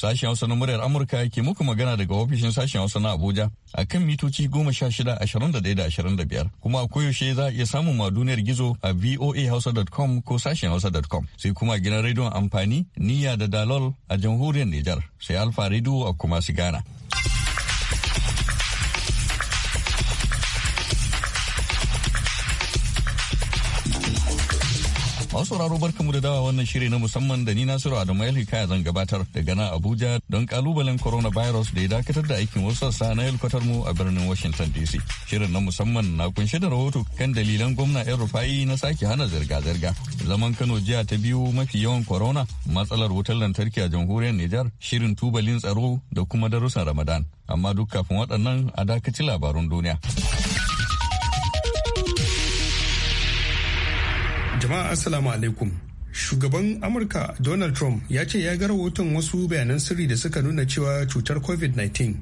Sashen Hausa na muryar Amurka ke muku magana daga ofishin sashen Hausa na Abuja a kan mitoci goma sha shida ashirin da da ashirin da biyar. Kuma koyaushe za a iya samun ma duniyar gizo a voahausa.com ko sashen Hausa.com. Sai kuma gina rediyon amfani niyya da dalol a jamhuriyar Nijar. Sai Alfa rediyo a kuma su Masu sauraro barkamu da dawa wannan shiri na musamman da ni Nasiru Adamu Hikaya zan gabatar daga nan Abuja don kalubalen virus da ya dakatar da aikin wasu sassa na yalkwatar mu a birnin Washington DC. Shirin na musamman na kunshe da rahoto kan dalilan gwamna yan rufa'i na sake hana zirga-zirga. Zaman Kano jiya ta biyu mafi yawan corona, matsalar wutar lantarki a jamhuriyar Nijar, shirin tubalin tsaro da kuma darussan Ramadan. Amma duk kafin waɗannan a dakaci labarun duniya. Jama'a Assalamu alaikum. Shugaban Amurka Donald Trump ya ce ya ga rahoton wasu bayanan sirri da suka nuna cewa cutar COVID-19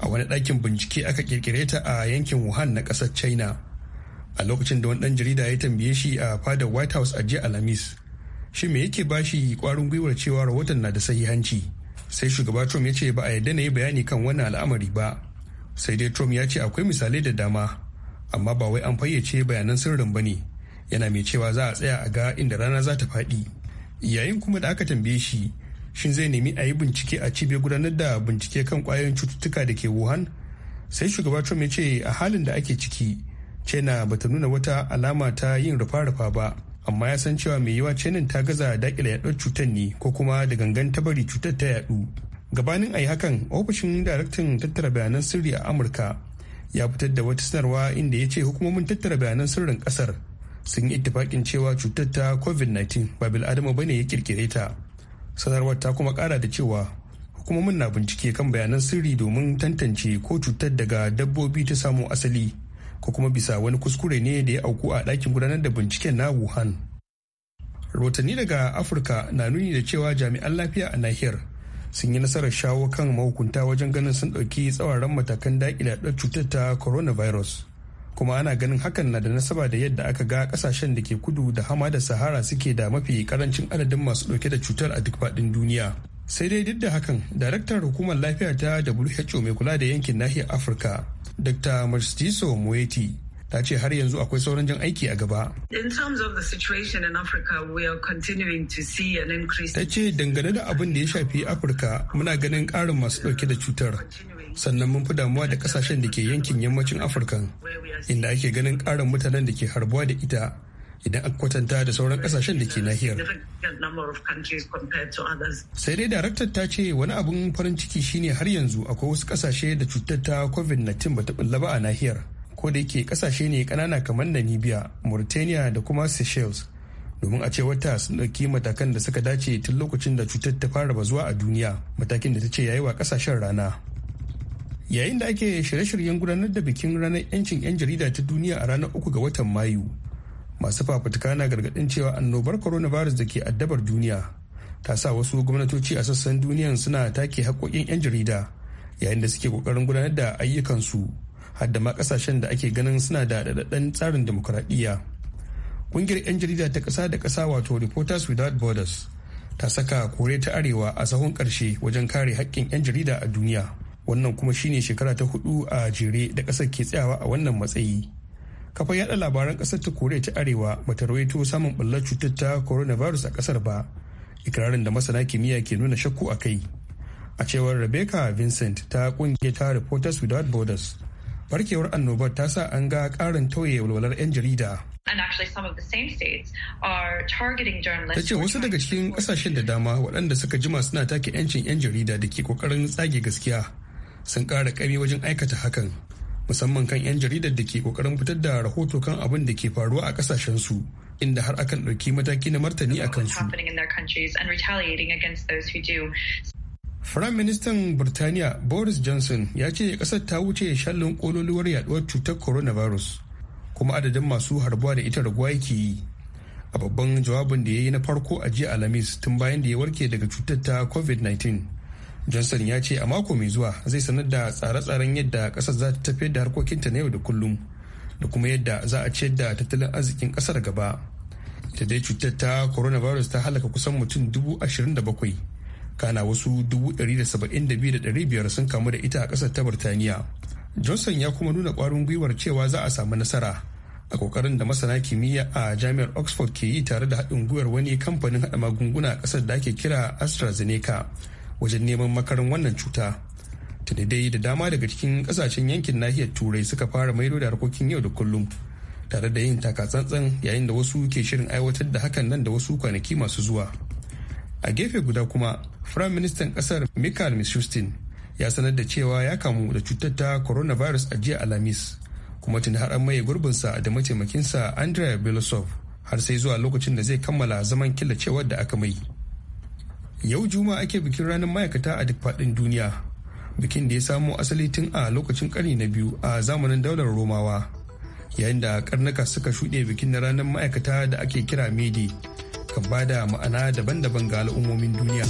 a wani ɗakin bincike aka kirkire ta a yankin Wuhan na ƙasar China. A lokacin da wani ɗan jarida ya tambaye shi a fadar White House a jiya Alhamis. Shi me yake ba shi ƙwarin gwiwar cewa rahoton na da sahihanci? Sai shugaba Trump ya ce ba a yarda na yi bayani kan wannan al'amari ba. Sai dai Trump ya ce akwai misalai da dama, amma ba wai an fayyace bayanan sirrin ba ne. yana mai cewa za a tsaya a ga inda rana za ta faɗi yayin kuma da aka tambaye shi shin zai nemi a yi bincike a cibiyar gudanar da bincike kan kwayoyin cututtuka da ke wuhan sai shugaba trump ya ce a halin da ake ciki china bata nuna wata alama ta yin rufa-rufa ba amma ya san cewa mai yiwa cenin ta gaza dakila yaɗuwar cutar ne ko kuma da gangan ta bari cutar ta yaɗu gabanin a yi hakan ofishin daraktan tattara bayanan sirri a amurka ya fitar da wata sanarwa inda ya ce hukumomin tattara bayanan sirrin ƙasar sun yi itifakin cewa cutar ta covid-19 ba bil'adama bane ya kirkire ta sanarwar ta kuma kara da cewa hukumomin na bincike kan bayanan sirri domin tantance ko cutar daga dabbobi ta samu asali ko kuma bisa wani kuskure ne da ya auku a ɗakin gudanar da binciken na wuhan Rotani daga afirka na nuni da cewa jami'an lafiya a nahiyar sun yi nasarar shawo kan mahukunta wajen ganin sun ɗauki tsawaran matakan da cutar ta coronavirus kuma ana ganin hakan na da nasaba da yadda aka ga kasashen da ke kudu da hama da sahara suke da mafi karancin adadin masu dauke da cutar a duk faɗin duniya sai dai duk da hakan daraktar hukumar lafiya ta who mai kula da yankin nahiyar afirka dr marstiso moeti ta ce har yanzu akwai sauran jan aiki a gaba. Ta ce dangane da abin da ya shafi Afirka, muna ganin karin masu ɗauke da cutar. sannan mun fi damuwa da kasashen da ke yankin yammacin afirka inda ake ganin karin mutanen da ke harbuwa da ita idan aka kwatanta da sauran kasashen da ke nahiyar sai dai daraktar ta ce wani abun farin ciki shine har yanzu akwai wasu kasashe da cutar ta covid-19 bata bulla ba a nahiyar ko da yake kasashe ne kanana kamar namibia mauritania da kuma seychelles domin a ce wata sun ɗauki matakan da suka dace tun lokacin da cutar ta fara bazuwa a duniya matakin da ta ce yayi wa kasashen rana yayin da ake shirye-shiryen gudanar da bikin ranar 'yancin 'yan jarida ta duniya a ranar uku ga watan mayu masu fafutuka na gargadin cewa annobar coronavirus da ke addabar duniya ta sa wasu gwamnatoci a sassan duniyan suna take haƙoƙin 'yan jarida yayin da suke ƙoƙarin gudanar da ayyukansu har da ma ƙasashen da ake ganin suna da daɗaɗɗen tsarin demokuraɗiyya ƙungiyar 'yan jarida ta ƙasa da ƙasa wato reporters without borders ta saka kore ta arewa a sahun ƙarshe wajen kare haƙƙin 'yan jarida a duniya wannan kuma shine shekara ta hudu a jere da kasar ke tsayawa a wannan matsayi kafin yada labaran ƙasar ta koriya ta arewa bata rawaito samun ɓullar cutar ta coronavirus a ƙasar ba ikirarin da masana kimiyya ke nuna shakku a kai a cewar rebecca vincent ta kungiyar ta reporters without borders barkewar annobar ta sa an ga ƙarin tauye walwalar 'yan jarida ta ce wasu daga cikin kasashen da dama waɗanda suka jima suna take 'yancin 'yan jarida da ke ƙoƙarin tsage gaskiya sun ƙara ƙami wajen aikata hakan musamman kan 'yan jaridar da ke ƙoƙarin fitar da rahoto kan abin da ke faruwa a su inda har akan ɗauki mataki na martani a kansu. Firaministan Birtaniya Boris Johnson ya ce ƙasar ta wuce shallin ƙololuwar yaɗuwar cutar coronavirus kuma adadin masu harbuwa da ita raguwa yake yi. A babban jawabin da ya yi na farko a jiya Alhamis tun bayan da ya warke daga cutar ta COVID-19. johnson ya ce a mako mai zuwa zai sanar da tsare-tsaren yadda kasar za ta tafiyar da harkokinta na yau da kullum da kuma yadda za a ciyar da tattalin arzikin kasar gaba ta dai cutar ta coronavirus ta halaka kusan mutum dubu kana wasu dubu da saba'in sun kamu da ita a kasar ta birtaniya johnson ya kuma nuna kwarin gwiwar cewa za a samu nasara a kokarin da masana kimiyya a jami'ar oxford ke yi tare da haɗin gwiwar wani kamfanin haɗa magunguna a ƙasar da ake kira astrazeneca wajen neman makarin wannan cuta tuni da dama daga cikin kasashen yankin nahiyar turai suka fara maido da harkokin yau da kullum tare da yin takatsantsan yayin da wasu ke shirin aiwatar da hakan nan da wasu kwanaki masu zuwa a gefe guda kuma firayim ministan kasar michael mishustin ya sanar da cewa ya kamu da cutar ta coronavirus a jiya alhamis kuma tuni har an maye gurbinsa da mataimakinsa andrea belosov har sai zuwa lokacin da zai kammala zaman killacewar da aka mai yau juma'a ake bikin ranar ma'aikata a duk faɗin duniya bikin da ya samo asali tun a lokacin ƙarni na biyu a zamanin daular romawa yayin da karnuka suka shuɗe bikin na ranar ma'aikata da ake kira medi ka ba da ma'ana daban-daban ga al'ummomin duniya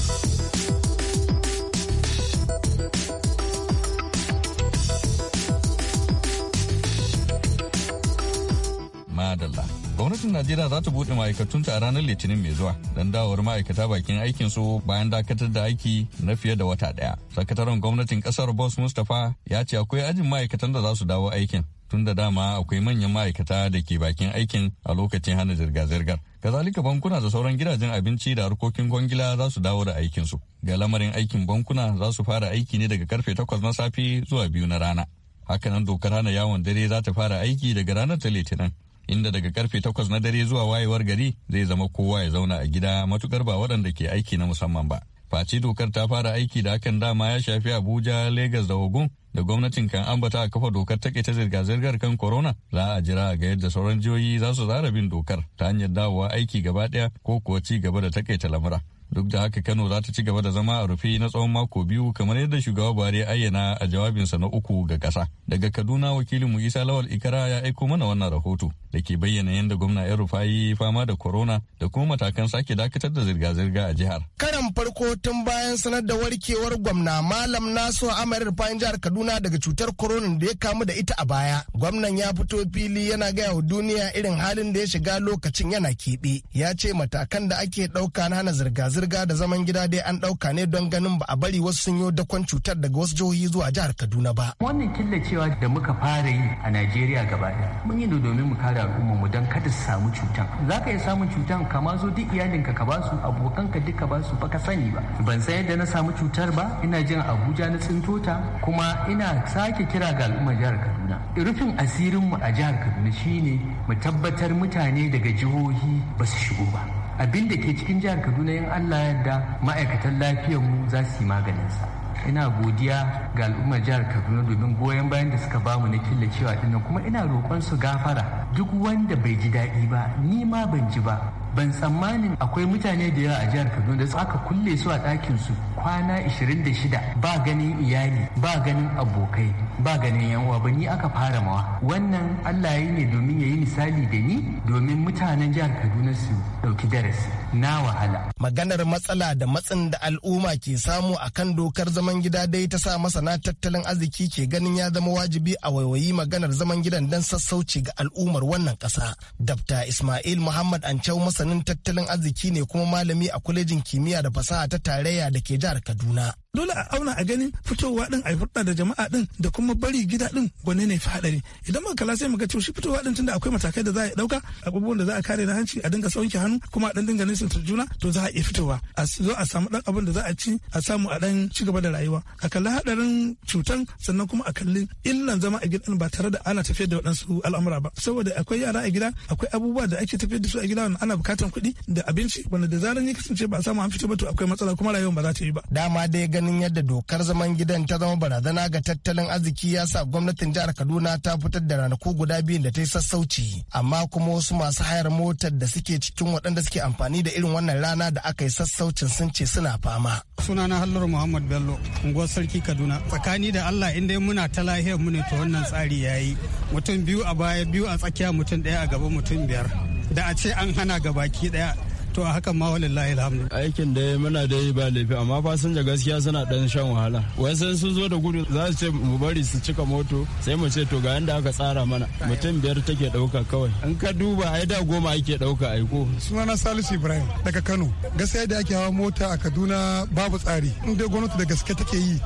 madalla gwamnatin najeriya za ta buɗe ta a ranar litinin mai zuwa don dawowar ma'aikata bakin aikin su bayan dakatar da aiki na fiye da wata ɗaya sakataren gwamnatin ƙasar boss mustapha ya ce akwai ajin ma'aikatan da za su dawo aikin tun da dama akwai manyan ma'aikata da ke bakin aikin a lokacin hana zirga-zirgar kazalika bankuna da sauran gidajen abinci da harkokin gwangila za su dawo da aikinsu ga lamarin aikin bankuna za su fara aiki ne daga karfe takwas na safe zuwa biyu na rana hakanan dokar hana yawon dare za ta fara aiki daga ranar ta litinin inda daga karfe takwas na dare zuwa wayewar gari zai zama kowa ya zauna a gida matukar ba waɗanda ke aiki na musamman ba. Faci dokar ta fara aiki da hakan dama ya shafi Abuja, Legas da Ogun da gwamnatin kan ambata a kafa dokar ta zirga-zirgar kan corona za a jira ga yadda sauran jihohi za su zara bin dokar ta hanyar dawowa aiki gaba ɗaya ko kuwa ci gaba da takaita lamura. duk da haka kano za ta ci gaba da zama a rufe na tsawon mako biyu kamar yadda shugaba buhari ayyana a jawabinsa na uku ga kasa daga kaduna wakilin mu isa lawal ikara ya aiko mana wannan rahoto da ke bayyana yadda gwamna ya rufayi fama da corona da kuma matakan sake dakatar da zirga-zirga a jihar karan farko tun bayan sanar da warkewar gwamna malam naso amir rufayin jihar kaduna daga cutar corona da ya kamu da ita a baya gwamnan ya fito fili yana gaya wa duniya irin halin da ya shiga lokacin yana keɓe ya ce matakan da ake ɗauka na hana zirga zirga da zaman gida dai an ɗauka ne don ganin ba a bari wasu sun yi dakon cutar daga wasu jihohi zuwa jihar Kaduna ba. Wannan killacewa da muka fara yi a Najeriya gaba ɗaya mun yi domin mu kare al'ummar mu don kada su samu cutan. Za ka iya samun cutan ka ma zo duk iyalinka ka su abokanka duk ka su ba ka sani ba. Ban san yadda na samu cutar ba ina jin Abuja na tsintota kuma ina sake kira ga al'ummar jihar Kaduna. Rufin asirinmu a jihar Kaduna shine mu tabbatar mutane daga jihohi ba su shigo ba. abin da ke cikin jihar kaduna in allah yadda ma'aikatan lafiyar mu za su yi maganinsa ina godiya ga al'ummar jihar kaduna domin goyon bayan da suka bamu na killacewa dinnan kuma ina roƙon su gafara duk wanda bai ji daɗi ba ni ma ban ji ba ban tsammanin akwai mutane da yawa a jihar kaduna da aka kulle su a ɗakin su kwana 26 ba ganin iyali ba ganin abokai ba ganin yan uwa ba ni aka fara mawa wannan allah ya ne domin ya yi misali da ni domin mutanen jihar kaduna su dauki darasi na wahala maganar matsala da matsin da al'umma ke samu a kan dokar zaman gida dai ta sa masana tattalin arziki ke ganin ya zama wajibi a waiwayi maganar zaman gidan don sassauci ga al'ummar wannan kasa dabta ismail muhammad ancau masanin tattalin arziki ne kuma malami a kwalejin kimiyya da fasaha ta tarayya da ke jihar kaduna dole a auna a ganin fitowa din a hurɗa da jama'a din da kuma bari gida din gwane ne fi haɗari idan muka kala sai muga cewa shi fitowa din tunda akwai matakai da za a ɗauka abubuwan da za a kare na hanci a dinga sauke hannu kuma a dan dinga nisantar juna to za a iya fitowa a zo a samu dan abin da za a ci a samu a dan ci gaba da rayuwa a kalli haɗarin cutan sannan kuma a kalli illan zama a gidan ba tare da ana tafiyar da waɗansu al'amura ba saboda akwai yara a gida akwai abubuwa da ake tafiyar da su a gida wanda ana bukatan kuɗi da abinci wanda da zaran ya kasance ba a samu an fito ba to akwai matsala kuma rayuwar ba za ta yi ba dama ganin yadda dokar zaman gidan ta zama barazana ga tattalin arziki ya sa gwamnatin jihar kaduna ta fitar da ranaku guda biyu da ta yi sassauci amma kuma wasu masu hayar motar da suke cikin waɗanda suke amfani da irin wannan rana da aka yi sassaucin sun ce suna fama sunana hallar muhammad bello unguwar sarki kaduna tsakani da allah in dai muna ta lahiyar mu ne to wannan tsari yayi mutum biyu a baya biyu a tsakiya mutum ɗaya a gaba mutum biyar da a ce an hana ga baki ɗaya to a hakan ma walillahi alhamdu aikin da muna da ba laifi amma fasinja gaskiya suna dan shan wahala wasan sun zo da gudu za su ce mu bari su cika moto sai mu ce to ga yanda aka tsara mana mutum biyar take dauka kawai in ka duba ai da goma ake dauka aiko sunana salisu ibrahim daga kano gaskiya da ake hawa mota a kaduna babu tsari in dai gwamnati da gaske take yi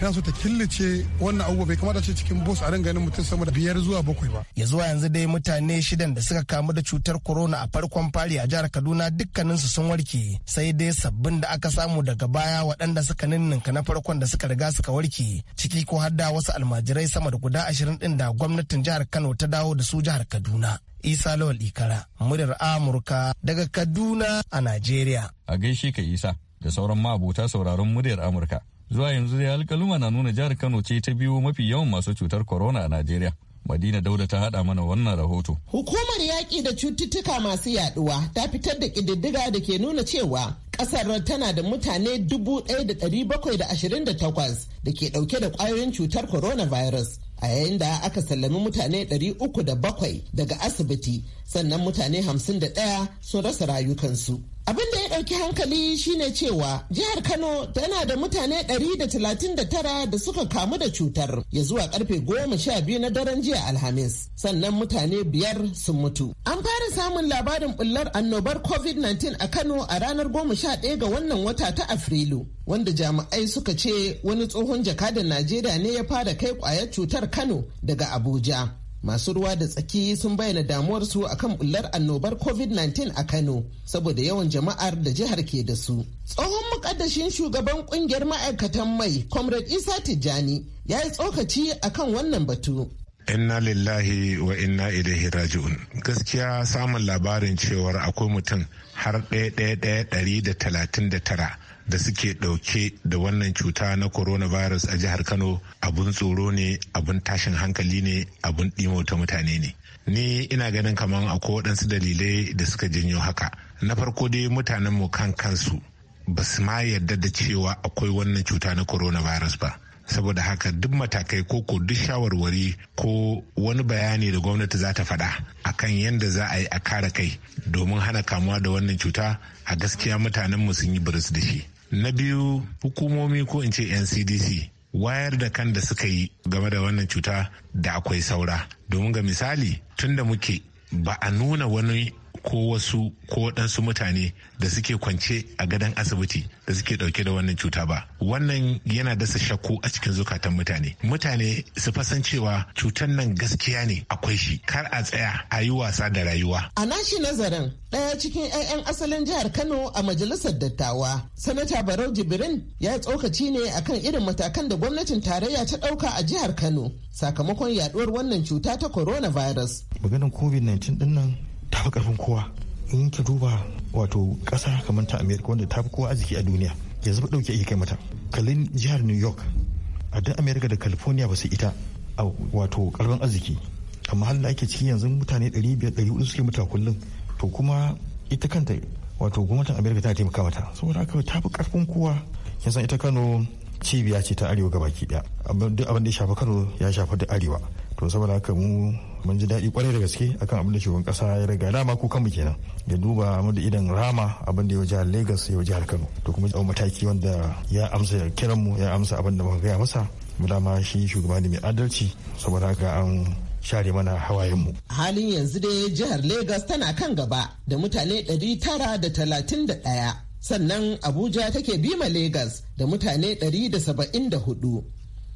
kana so ta killace wannan abubuwa bai kamata ce cikin bus a ran ganin mutum sama da biyar zuwa bakwai ba ya zuwa yanzu dai mutane shidan da suka kamu da cutar corona a farkon fari a jihar kaduna dukkaninsu sun warke sai dai sabbin da aka samu daga baya waɗanda suka ninninka na farkon da suka riga suka warke ciki ko har da wasu almajirai sama da guda ashirin ɗin da gwamnatin jihar kano ta dawo da su jihar kaduna Isa Lawal Ikara, muryar Amurka daga Kaduna a Najeriya. A gaishe ka Isa da sauran abota sauraron muryar Amurka. Zuwa yanzu dai alkaluma na nuna jihar Kano ce ta biyu mafi yawan masu cutar corona a Najeriya. Madina Dauda ta haɗa mana wannan rahoto. Hukumar yaƙi da cututtuka masu yaɗuwa ta fitar da ƙididdiga da ke nuna cewa ƙasar tana da mutane dubu ɗaya da ɗari bakwai da da da ashirin takwas ke ɗauke da ƙwayoyin cutar coronavirus. a yayin da aka sallami mutane uku da bakwai daga asibiti sannan mutane hamsin da ɗaya sun rasa rayukansu. Abin da ya ɗauki hankali shine cewa jihar Kano tana da mutane 139 da suka kamu da cutar ya zuwa karfe goma sha biyu na daren jiya Alhamis. Sannan mutane biyar sun mutu. An fara samun labarin bullar annobar COVID-19 a Kano a ranar goma sha ɗaya ga wannan wata ta Afrilu. Wanda jami'ai suka ce wani tsohon jakadan Najeriya ne ya fara kai kwayar cutar Kano daga Abuja. masu ruwa da tsaki sun bayyana damuwarsu akan bullar annobar covid-19 a kano saboda yawan jama'ar da jihar ke da su tsohon mukaddashin shugaban kungiyar ma'aikatan mai comrade isa tijjani ya yi tsokaci akan wannan batu inna lillahi wa inna ilaihi raji'un gaskiya samun labarin cewar akwai mutum har ɗaya ɗaya ɗaya ɗari da talatin da tara da suke ɗauke da wannan cuta na coronavirus a jihar Kano abun tsoro ne, abun tashin hankali ne, abun ta mutane ne. Ni ina ganin kaman akwai waɗansu dalilai da suka janyo haka. Na farko dai mutanen mu kan kansu ba su ma yarda da cewa akwai wannan cuta na coronavirus ba. saboda haka duk matakai ko ko duk shawarwari ko wani bayani da gwamnati za ta faɗa akan yadda za a yi a kare kai domin hana kamuwa da wannan cuta a gaskiya mutanen mu sun yi biris da shi na biyu hukumomi ko in ce ncdc wayar da kan da suka yi game da wannan cuta da akwai saura domin ga misali tun da muke ba a nuna wani ko wasu ko waɗansu mutane da suke kwance a gadon asibiti da suke ɗauke da wannan cuta ba wannan yana dasa shakku a cikin zukatan mutane mutane su fasan cewa cutan nan gaskiya ne akwai shi kar a tsaya a yi wasa da rayuwa a nashi nazarin ɗaya cikin 'ya'yan asalin jihar kano a majalisar dattawa sanata barau jibrin ya tsokaci ne akan irin matakan da gwamnatin tarayya ta ɗauka a jihar kano sakamakon yaɗuwar wannan cuta ta coronavirus maganin covid-19 ɗin nan ta fi karfin kowa in ki duba wato ƙasa kamar ta america wanda ta fi kowa arziki a duniya yanzu ɗauke ake kai mata kalin jihar new york a duk america da california ba su ita a wato karfin arziki amma halin ake ciki yanzu mutane 500-400 suke mutuwa kullum to kuma ita kanta wato gwamnatin america ta taimaka mata saboda haka ta fi karfin kowa yanzu ita kano cibiya ce ta arewa gabaki daya duk abin da ya shafi kano ya shafi da arewa to saboda haka mu mun ji daɗi kwarai da gaske akan abin da shugaban kasa ya riga dama ko kanmu kenan ya duba mu da idan rama abin da ya jihar lagos ya jihar kano to kuma tsawon mataki wanda ya amsa mu ya amsa abin da muka gaya masa mu dama shi shugaba ne mai adalci saboda haka an share mana hawayen hawayenmu. halin yanzu dai jihar legas tana kan gaba da mutane 931 sannan abuja take bima Legas da mutane 174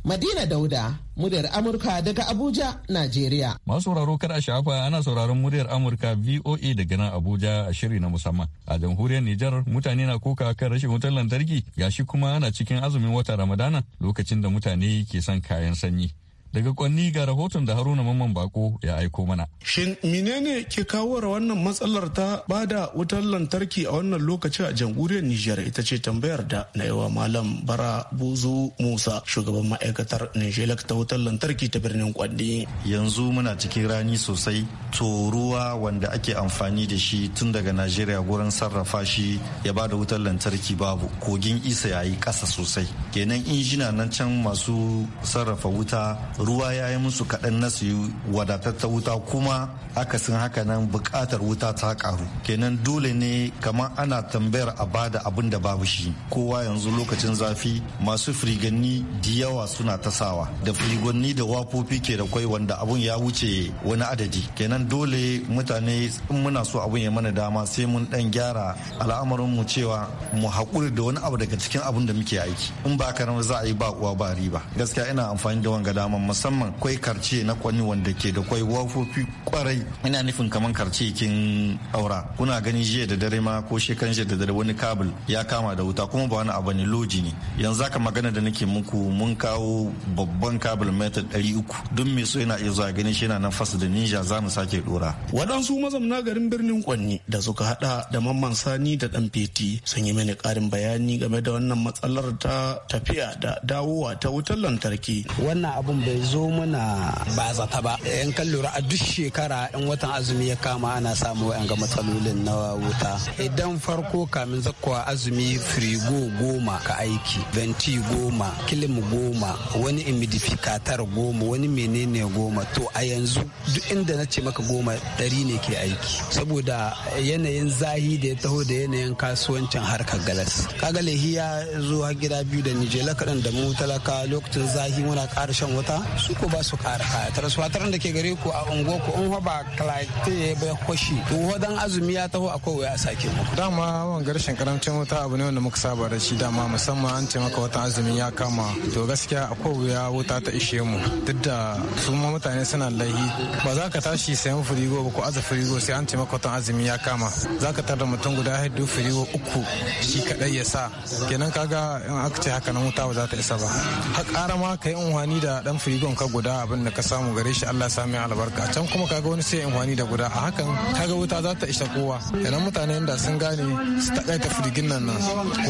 madina dauda muryar amurka daga abuja nigeria masu sauraro kar a shafa ana sauraron muryar amurka voa daga nan abuja a shiri na musamman a jamhuriyar nijar mutane na koka kan rashin wutar lantarki gashi kuma ana cikin azumin wata ramadana lokacin da mutane ke son kayan sanyi Daga kwanni ga rahoton da Haruna Mamman Bako ya aiko mana. Shin menene ke kawo wannan matsalar ta bada wutar lantarki a wannan lokaci a jamhuriyar Nijar ita ce tambayar da na yawa Malam Bara Buzu Musa shugaban ma'aikatar Nijelak ta wutar lantarki ta birnin Kwanni. Yanzu muna cikin rani sosai to ruwa wanda ake amfani da shi tun daga Najeriya gurin sarrafa shi ya bada wutar lantarki babu kogin isa yayi ƙasa sosai kenan injina nan can masu sarrafa wuta ruwa ya yi musu kaɗan na su wadatattar wuta kuma aka akasin haka nan buƙatar wuta ta ƙaru kenan dole ne kamar ana tambayar a bada abin da babu shi kowa yanzu lokacin zafi masu firiganni da yawa suna ta sawa da firigonni da wafofi ke da kwai wanda abun ya wuce wani adadi kenan dole mutane in muna so abun ya mana dama sai mun dan gyara al'amarin mu cewa mu haƙuri da wani abu daga cikin abun da muke aiki in ba ka za a yi ba uwa ba riba gaskiya ina amfani da wanga dama musamman kwai karce na kwani wanda ke da kwai wafofi kwarai ina nufin kamar karce kin aura kuna gani jiya da dare ma ko shekan jiya da dare wani kabul ya kama da wuta kuma ba wani abu ne loji ne yanzu aka magana da nake muku mun kawo babban kabul meta ɗari uku duk mai so yana iya zuwa gani shi yana nan fasa da ninja za mu sake dora. waɗansu mazamna garin birnin kwanni da suka hada da mamman sani da ɗan feti sun yi mini karin bayani game da wannan matsalar ta tafiya da dawowa ta wutar lantarki. wannan abun bai zo mana ba zata ba yan kan lura a duk shekara in watan azumi ya kama ana samu ga matsalolin na wuta idan farko kamin zakkowa azumi firigo goma ka aiki venti goma kilim goma wani imidifikatar goma wani menene goma to a yanzu duk inda na ce maka goma dari ne ke aiki saboda yanayin zahi da ya taho da yanayin kasuwancin harkar galas kaga lahiya ya har gida biyu da nije kaɗan da mu talaka lokacin zahi muna ƙara shan wuta su ko ba su kara kaya transwatar da ke gare ku a unguwa ku in ba kalate bai hoshi to wadan azumi ya taho akwai waya a sake muku dama wan garshen karamcin wuta abu ne wanda muka saba da shi dama musamman an ce maka wata azumi ya kama to gaskiya akwai ya wuta ta ishe mu duk da su ma mutane suna lahi ba za ka tashi sayan firigo ba ko aza firigo sai an ce maka wata azumi ya kama za ka tar da mutum guda haidu firigo uku shi kadai ya sa kenan kaga in aka ce haka nan wuta ba za ta isa ba har ƙara ma ka yi unhwani da dan firigo rigon ka guda abin da ka samu gare shi Allah sami albarka can kuma kaga wani sai amfani da guda a hakan kaga wuta za ta isa kowa idan mutane da sun gane su takaita firgin nan nan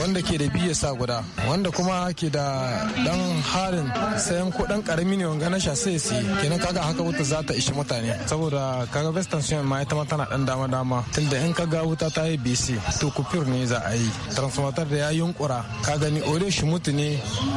wanda ke da biya sa guda wanda kuma ke da dan harin sayan ko dan karami ne wanga na sha sai su kenan kaga haka wuta za ta isa mutane saboda kaga best tension ma ita ma tana dan dama dama tunda in kaga wuta ta yi bc to kufir ne za a yi transformator da ya yunkura ka gani ore shi mutu ne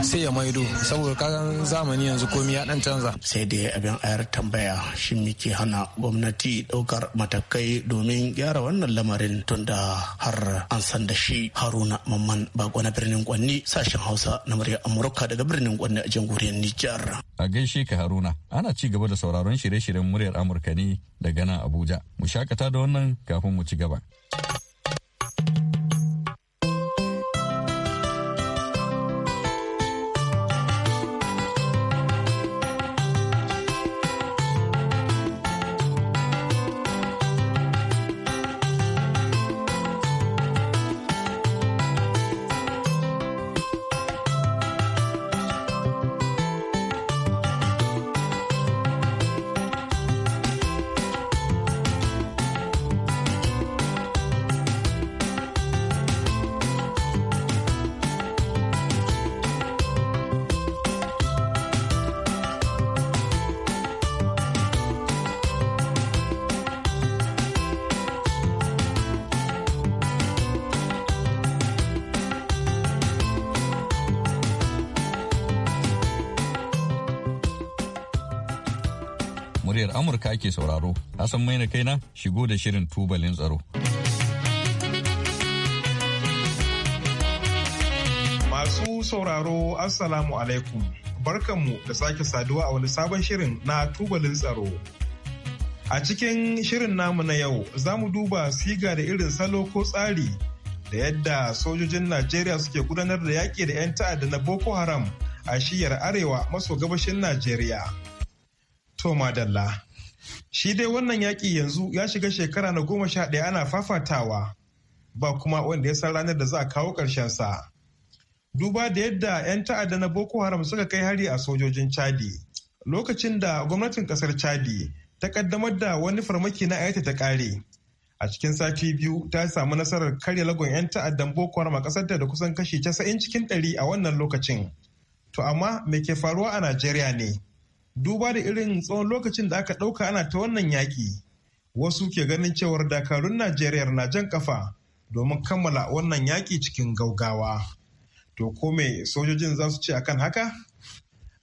sai ya maido saboda kaga zamani yanzu komai ya dan canza sai dai abin ayar tambaya shin muke hana gwamnati daukar matakai domin gyara wannan lamarin tun da har an san da shi haruna mamman bako na birnin kwanni sashen hausa na murya amurka daga birnin kwanni a jamhuriyar nijar a gaishe ka haruna ana ci gaba da sauraron shirye-shiryen muryar amurka ne daga nan abuja mu shakata da wannan kafin mu ci gaba Amurka ke sauraro. Hassan mai na kaina shigo da shirin tubalin tsaro. Masu sauraro Assalamu alaikum. Barkanmu da sake saduwa a wani sabon shirin na tubalin tsaro. A cikin shirin namu na yau za mu duba siga da irin salo ko tsari da yadda sojojin Najeriya suke gudanar da yaƙi da 'yan ta'adda na Boko Haram a shiyar arewa maso gabashin Najeriya. To Madalla, Shi dai wannan yaƙi yanzu ya shiga shekara na goma sha ɗaya ana fafatawa ba kuma wanda ya san ranar da za a kawo ƙarshen sa Duba da yadda 'yan ta'adda na Boko Haram suka kai hari a sojojin Chadi lokacin da gwamnatin ƙasar Chadi ta ƙaddamar da wani farmaki na ayata ta kare. A cikin sati biyu ta samu nasarar karya lagon 'yan ta'addan Boko Haram a kasar da kusan kashi 90 cikin 100 a wannan lokacin. To amma me ke faruwa a Najeriya ne? duba da irin tsawon lokacin da aka ɗauka ana ta wannan yaƙi wasu ke ganin cewar dakarun najeriya na jan kafa domin kammala wannan yaƙi cikin gaugawa to ko me sojojin za su ce akan haka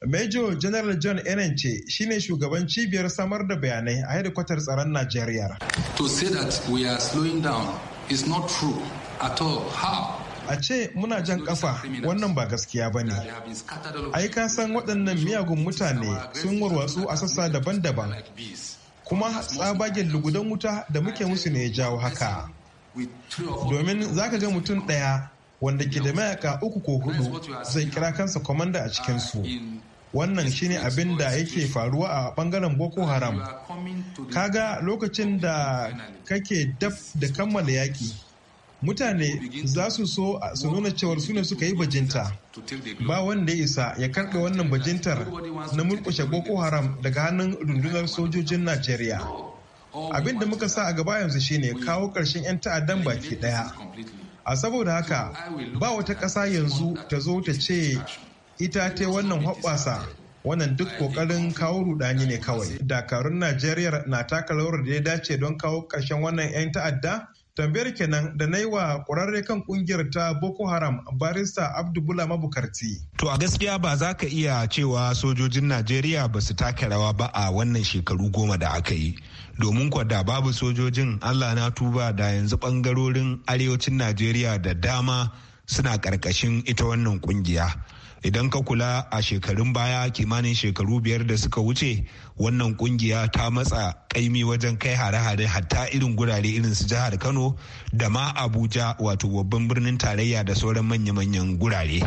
major general john ce shine shugaban cibiyar samar da bayanai a hedikwatar tsaron najeriya to say that we are slowing down is not true at all how a ce muna jan kafa wannan ba gaskiya ba ne ai ka san waɗannan miyagun mutane sun warwatsu a sassa daban-daban kuma tsabagen lugudan wuta da muke musu ne ya jawo haka domin za ka ga mutum ɗaya wanda ke da mayaka uku ko hudu zai kira kansa kwamanda a cikinsu wannan shine abin da yake faruwa a bangaren boko haram kaga lokacin da kake daf da kammala yaki mutane za su so su nuna cewar su ne suka yi bajinta ba wanda ya isa ya karɓe wannan bajintar na mulkushe boko haram daga hannun rundunar sojojin najeriya abin da muka sa a gaba yanzu shine kawo ƙarshen 'yan ta'addan baki ɗaya a saboda haka ba wata ƙasa yanzu ta zo ta ce ita ta wannan hoɓɓasa wannan duk ƙoƙarin kawo rudani ne kawai dakarun najeriya na taka rawar da ya dace don kawo ƙarshen wannan 'yan ta'adda Tambayar kenan da na yi wa ƙwararre kan ƙungiyar ta Boko Haram barista Abdubula Mabukarti. To a gaskiya ba za ka iya cewa sojojin Najeriya ba su take rawa ba a wannan shekaru goma da aka yi. Domin kwada babu sojojin Allah na tuba da yanzu ɓangarorin arewacin Najeriya da dama suna ƙarƙashin ita wannan ƙungiya. idan ka kula a shekarun baya kimanin shekaru biyar da suka wuce wannan kungiya ta matsa kaimi wajen kai hare-hare hatta irin gurare irin su jihar kano da ma abuja wato babban birnin tarayya da sauran manya-manyan gurare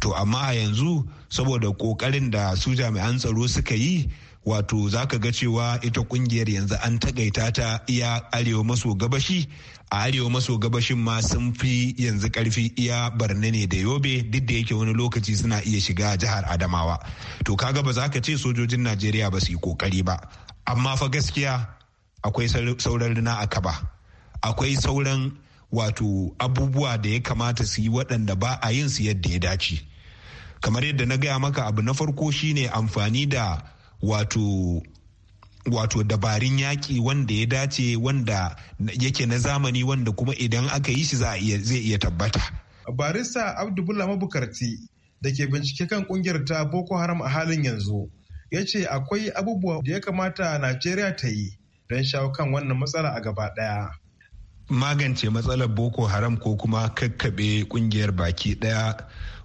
to amma a yanzu saboda kokarin da su jami'an tsaro suka yi wato za ka ga cewa ita kungiyar yanzu an taƙaita ta iya arewa maso gabashi a arewa maso gabashin ma sun fi yanzu karfi iya barne ne da yobe duk da yake wani lokaci suna iya shiga jihar adamawa to kaga ba za ka ce sojojin najeriya ba su yi kokari ba amma fa gaskiya akwai sauran rina a kaba akwai sauran wato abubuwa da ya kamata su yi waɗanda ba a yin su yadda ya dace kamar yadda na gaya maka abu na farko shine amfani da wato wato dabarun yaƙi wanda ya dace wanda yake na zamani wanda kuma idan aka yi shi zai iya tabbata. barista Abdullahi mabukarti da ke bincike kan kungiyar ta boko haram a halin yanzu ya ce akwai abubuwa da ya kamata najeriya ta yi don shawo kan wannan matsala a gaba ɗaya. magance matsalar boko haram ko kuma kakkaɓe kungiyar baki ɗaya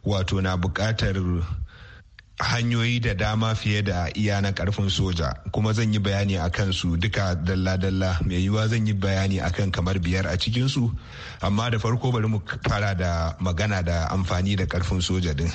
wato na buƙatar hanyoyi da dama fiye da iya na karfin soja kuma zan yi bayani a kansu duka dalla-dalla mai yiwuwa zan yi bayani a kan kamar biyar a cikinsu amma da farko bari mu fara da magana da amfani da karfin soja din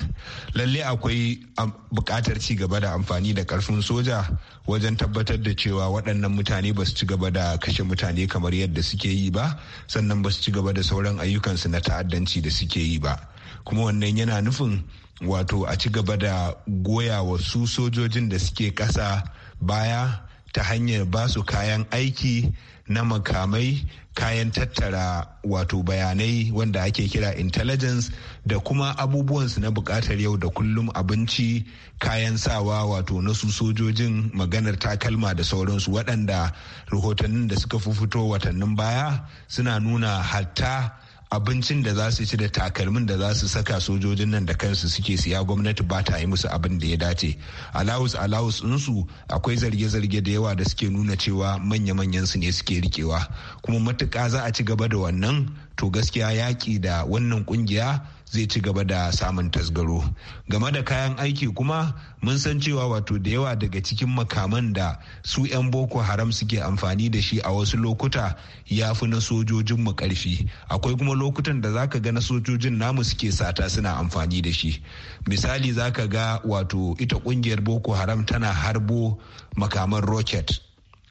lalle akwai bukatar ci gaba da amfani da karfin soja wajen tabbatar da cewa waɗannan mutane ba su ci gaba da kashe mutane kamar yadda suke yi ba sannan ba su ci gaba da sauran ayyukansu na ta'addanci da suke yi ba kuma wannan yana nufin wato a ci gaba da goya wa su sojojin da suke ƙasa baya ta hanyar ba su kayan aiki na makamai kayan tattara wato bayanai wanda ake kira intelligence da kuma abubuwan su na bukatar yau da kullum abinci kayan sawa wato na su sojojin maganar takalma da sauransu waɗanda rahotannin da suka fi fito watannin baya suna nuna hatta abincin da za su ci da takalmin da za su saka sojojin nan da kansu suke siya gwamnati ba ta yi musu abin da ya dace alawus alawus ɗinsu akwai zarge-zarge da yawa da suke nuna cewa manya-manyan su ne suke rikewa kuma matuƙa za a ci gaba da wannan to gaskiya yaƙi da wannan ƙungiya zai ci gaba da samun tasgaro game da kayan aiki kuma mun san cewa wato da yawa daga cikin makaman da su 'yan boko haram suke amfani da shi a wasu lokuta ya fi na sojojin mu karfi akwai kuma lokutan da zaka ga na sojojin namu suke sata suna amfani da shi misali zaka ga wato ita kungiyar boko haram tana harbo makaman rocket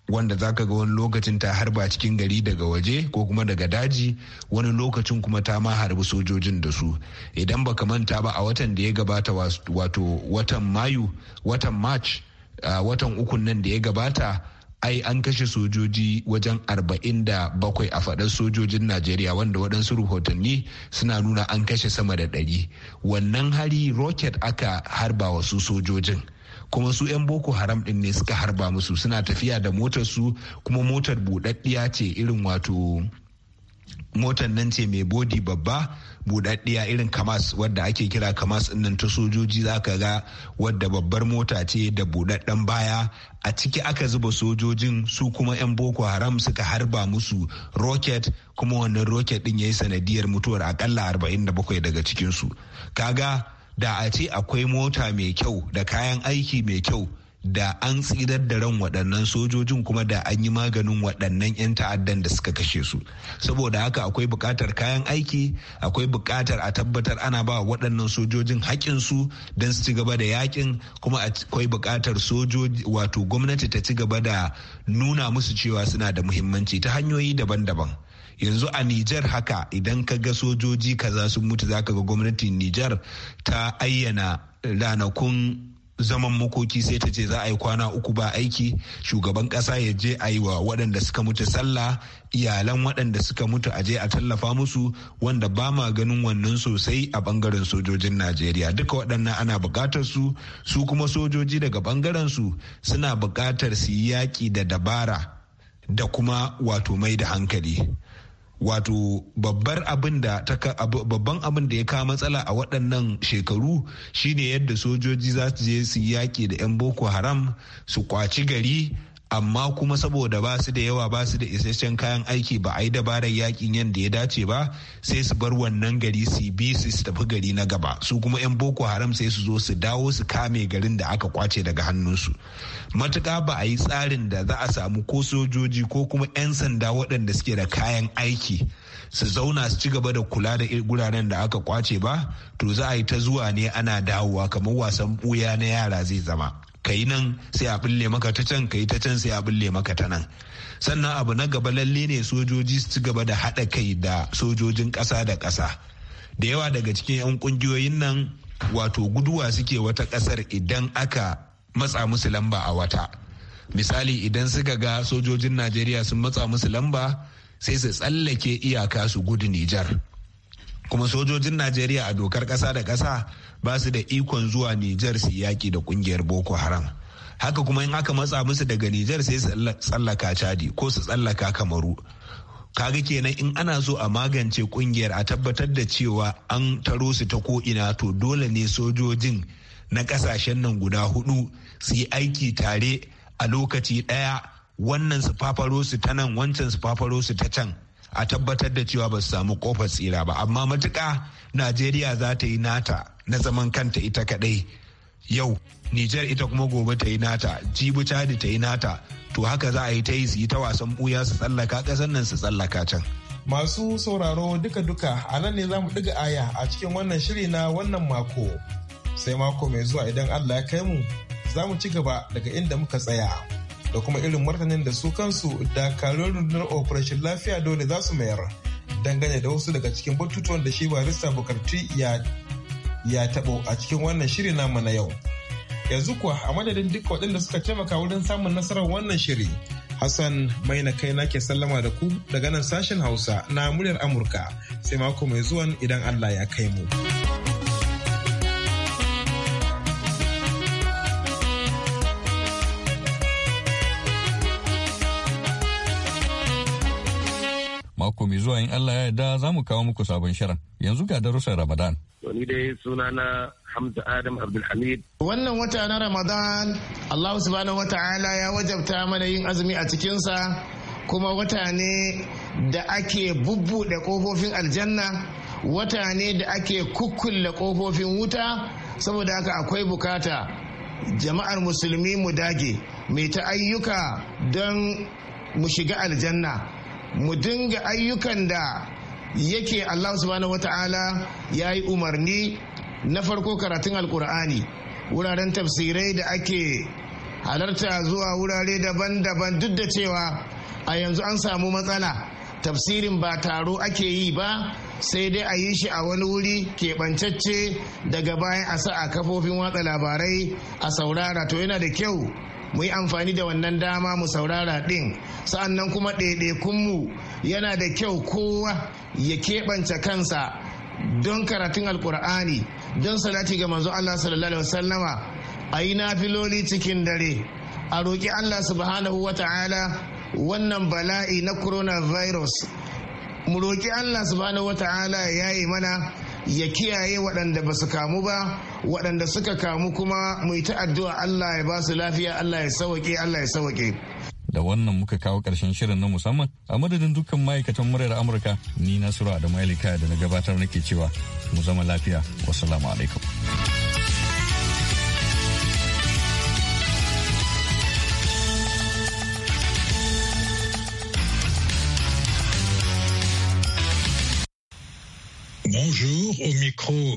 wanda za ka ga wani lokacin ta harba cikin gari daga waje ko kuma daga daji wani lokacin kuma ta ma harbi sojojin da su idan baka manta ba a watan da ya gabata wato watan mayu watan march watan ukun nan da ya gabata ai an kashe sojoji wajen arba'in da bakwai a faɗar sojojin najeriya wanda waɗansu rahotanni suna nuna an kashe sama da ɗari wannan hari rocket aka harba wasu sojojin kuma su 'yan boko haram din ne suka harba musu suna tafiya da motar su kuma motar buɗaɗɗiya ce irin wato motar nan ce mai bodi babba budaddiya irin kamas wadda ake kira kamas nan ta sojoji ka ga wadda babbar mota ce da buɗaɗɗen baya a ciki aka zuba sojojin su kuma 'yan boko haram suka harba musu rocket kuma wannan rocket din ya yi sanadiyar mutuwar akalla 47 daga cikinsu kaga da a ce akwai mota mai kyau da kayan aiki mai kyau da an tsirar da ran waɗannan sojojin kuma da an yi maganin waɗannan 'yan ta'addan da suka kashe su saboda haka akwai buƙatar kayan aiki akwai buƙatar a tabbatar ana ba waɗannan sojojin haƙinsu don su ci gaba da yakin kuma akwai buƙatar sojoji wato gwamnati ta ci gaba da nuna musu cewa suna da muhimmanci ta hanyoyi daban-daban yanzu a Nijar haka idan ka ga sojoji kaza sun mutu zaka ga gwamnatin Nijar ta ayyana ranakun zaman makoki sai ta ce za a yi kwana uku ba aiki shugaban kasa ya je a yi wa waɗanda suka mutu sallah iyalan waɗanda suka mutu a je a tallafa musu wanda ba ma ganin wannan sosai a bangaren sojojin najeriya duka waɗannan ana bukatar su su kuma sojoji daga bangaren su suna buƙatar su yi yaƙi da dabara da kuma wato mai da hankali wato babban abin da ya kawo matsala a waɗannan shekaru shine yadda sojoji za su je su yi yaƙi da 'yan boko haram su kwaci gari amma kuma saboda ba su da yawa ba su da isasshen kayan aiki ba a yi dabarar yakin yadda ya dace ba sai su bar wannan gari su bi su tafi gari na gaba su kuma 'yan boko haram sai su zo su dawo su kame garin da aka kwace daga hannunsu matuka ba a yi tsarin da za a samu ko sojoji ko kuma 'yan sanda waɗanda suke da kayan aiki su zauna su ci gaba da kula da guraren da aka kwace ba to za a yi ta zuwa ne ana dawowa kamar wasan ɓuya na yara zai zama ka yi nan sai a bulle maka ta can ka yi ta can sai a bulle maka ta nan sannan abu na gaba lalle ne sojoji su ci gaba da haɗa kai da sojojin ƙasa da ƙasa da yawa daga cikin 'yan ƙungiyoyin nan wato guduwa suke wata ƙasar idan aka matsa musu lamba a wata misali idan suka ga sojojin najeriya sun matsa musu lamba sai su tsallake iyaka su gudu nijar kuma sojojin najeriya a dokar kasa da kasa ba su da ikon zuwa nijar su yaki da kungiyar boko haram haka kuma in aka matsa musu daga nijar sai su tsallaka chadi ko su tsallaka kamaru kaga kenan in ana so a magance kungiyar a tabbatar da cewa an taro su ta ko'ina to dole ne sojojin na kasashen nan guda hudu su yi aiki tare a lokaci daya wannan su fafaro su ta nan wancan su fafaro su ta can a tabbatar da cewa ba su samu kofar tsira ba amma matuƙa najeriya za ta yi nata na zaman kanta ita kaɗai yau nijar ita kuma gobe ta yi nata jibu chadi ta yi nata to haka za a yi ta yi su yi ta wasan buya su tsallaka ƙasar nan su tsallaka can masu sauraro duka-duka a nan ne za mu ɗiga aya a cikin wannan shiri na wannan mako sai mako mai zuwa idan allah ya kai mu za mu ci gaba daga inda muka tsaya. da kuma irin martanin da su kansu dakarun rundunar operation lafiya dole za su mayar dangane da wasu daga cikin batutuwan da shi barista bukarti ya tabo a cikin wannan shiri namu na yau yanzu kuwa a madadin duk waɗanda suka taimaka wurin samun nasarar wannan shiri hassan mai na kai ke sallama da ku daga nan sashen hausa na muryar amurka sai mako mai zuwan idan allah ya kai mu. Mako mai zuwa in Allah ya yarda za mu kawo muku sabon shirin. Yanzu ga darussan Ramadan. Wani dai suna na Hamza Adam Abdulhamid. Wannan wata na Ramadan, Allah subhanahu wa ta'ala ya wajabta mana yin azumi a cikinsa, kuma wata ne da ake bubbuɗe kofofin aljanna, wata ne da ake kukkulle kofofin wuta, saboda haka akwai bukata jama'ar musulmi mu dage mai ta ayyuka don mu shiga aljanna. mu dinga ayyukan da yake Allah subhanahu wata'ala ya yi umarni na farko karatun alkur'ani wuraren tafsirai da ake halarta zuwa wurare daban-daban duk da cewa a yanzu an samu matsala tafsirin ba taro ake yi ba sai dai a yi shi a wani wuri keɓancacce daga bayan a sa a kafofin watsa labarai a saurara to yana da kyau mu yi amfani da wannan dama mu saurara ɗin sa'annan kuma ɗaiɗaikunmu yana da kyau kowa ya keɓance kansa don karatun Alƙur'ani don salati ga manzo Allah sallallahu alaihi wasallama a yi nafiloli cikin dare a roƙi Allah subhanahu wa ta'ala wannan bala'i na coronavirus mu roƙi Allah subhanahu wa ta'ala ya yi mana ya kiyaye waɗanda ba su kamu ba waɗanda suka kamu kuma mu yi ta'addu'a Allah ya ba su lafiya Allah ya sawaƙe Allah ya sawaƙe da wannan muka kawo ƙarshen shirin na musamman a madadin dukkan ma'aikatan muryar amurka ni nasiru da ma'aikata da na gabatar nake cewa mu zama lafiya wassalamu alaikum au micro.